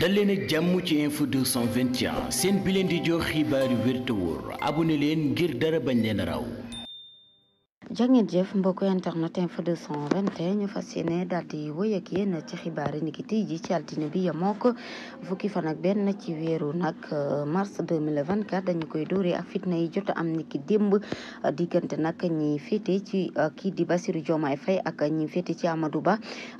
dal leen ak jàmm ci info 221 seen bi leen di jox xibaaru yu wér te leen ngir dara bañ leen raw jàngeen jëf mbokku internet info 221 ñu fas yéene daal di wëy ci xibaar yi niki tey ji ci altine bi yemoo ko fukki fan ak benn ci weeru nag euh, mars 2024 dañu koy dóoree ak fitna yi jot am niki démb euh, diggante nag ñi féete ci euh, kii di Bassirou Diomaye Faye ak ñi féete ci Amadou Ba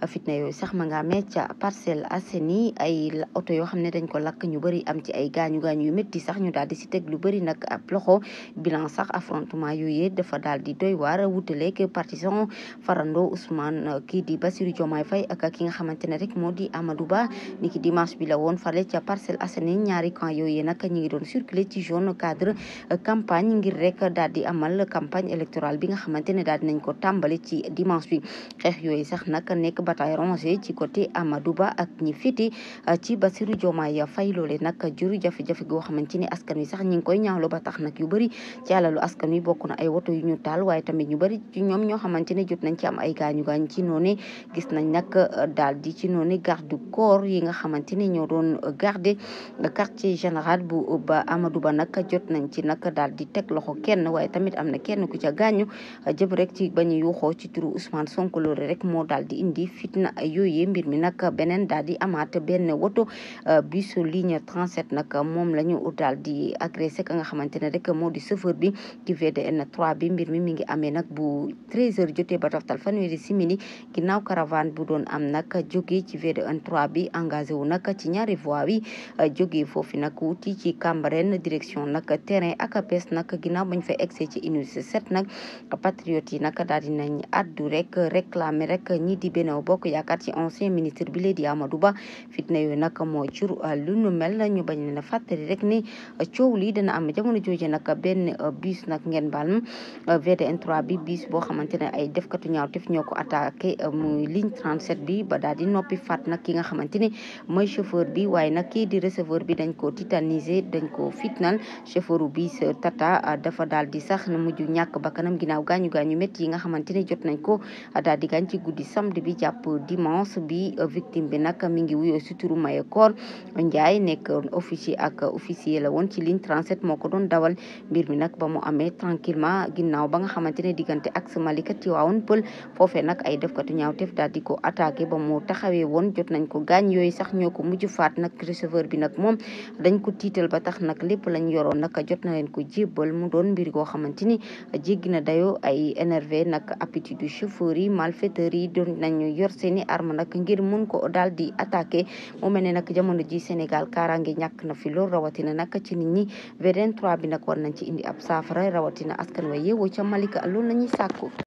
fitna yooyu sax ma nga amee ca Parcelles ni ay oto yoo xam ne dañ ko lakk ñu bëri am ci ay gaañu gaañu yu métti sax ñu daal di si teg lu bëri nag ab loxo bilan sax affrontement yooyu daal di dara wutaleeg partisan farando Ousmane euh, kii di Bassirou Diomaye Faye ak ki nga xamante ne rek moo di Amadou Ba ni ki dimanche bi la woon fale ca Parcelles Assainies ñaari camp yooyu nag ñi ngi doon circuler ci zone cadre euh, campagne ngir rek daal di amal campagne électorale bi nga xamante ne daal dinañ ko tàmbali ci dimanche bi xeex yooyu sax nag nekk bataille rangée ci côté Amadou Ba ak ñi fiti euh, ci Bassirou Diomaye Faye loole nag juru jafe-jafe goo xamante ne askan wi sax ñi ngi koy ñaawlu ba tax nag yu bëri ci askan wi bokk na ay woto yu ñu taal waaye tamit ñu bëri ci ñoom ñoo xamante ne jot nañ ci am ay gaañu gaañ ci noonu gis nañ nag euh, daal di ci noonu garde du corps yi nga xamante ne ñoo doon euh, garde quartier général bu euh, ba Amadou Ba nag jot nañ ci nag daal di teg loxo kenn waaye tamit am na kenn ku ca gaañu jëm rek ci ba yuuxoo ci turu Ousmane Sonko loolu rek moo daal di indi fitna a yooyee mbir mi nag beneen daal di amaat benn woto bisu ligne 37 nag moom lañu ñu di agressé ka nga xamante ne rek moo di chauffeur bi nag bu 13h jotee ba toftal fanweeri simili ginnaaw caravane bu doon am nag jóge ci VDN 3 bi engagé wu nag ci ñaari voie wi jóge foofu nag wuti ci Cambérène direction nag terrain ak APS nag ginnaaw bañ fa egsi ci université 7 nag patriote yi nag daal dinañ addu rek réclamer rek ñii di Benno Bokk Yaakaar ci ancien ministre bi léegi di Amadou Ba fitna yooyu nag moo jur ah, lu nu mel ñu bañ leen a fàttali rek ni ah, coow lii dana am jamono jooje nag benn ah, bus nag ngeen baal ma bi bis boo xamante ne ay defkatu ñaawteef ñoo ko attaqué euh, muy ligne 37 bi ba daal di noppi faat nag ki nga xamante ne mooy chauffeur bi waaye nag kii di receveur bi dañ ko titanisé dañ ko fitnal chauffeur bi sa euh, tata euh, dafa daal di sax na mujj ñàkk kanam ginnaaw gaañu gaañu métti yi nga xamante ne jot nañ ko daal di ci guddi samedi bi jàpp dimanche bi victime bi nag mi ngi wuyoo si turu Mayekoor Ndiaye nekk officier ak officier la woon ci ligne 37 moo ko doon dawal diggante ak sa Malika Tiwaawoon pël foofee nag ay defkatu ñaawteef daal di ko attaqué ba mu taxawee woon jot nañ ko gaañ yooyu sax ñoo ko mujj faat nag receveur bi nag moom dañ ko tiital ba tax nag lépp lañ yoroon nag jot na leen ko jébbal mu doon mbir goo xamante ni jéggi na dayoo ay énervé nag appétit du chauffeur yi malfaiteurs yi doon nañu yor seeni arme nag ngir mun ko daal di attaqué moo mel ne nag jamono ji Sénégal kaaraange ñàkk na fi lool rawatina nag ci nit ñi VDN bi nag nañ ci indi ab saafara rawatina askan nañuy sàkku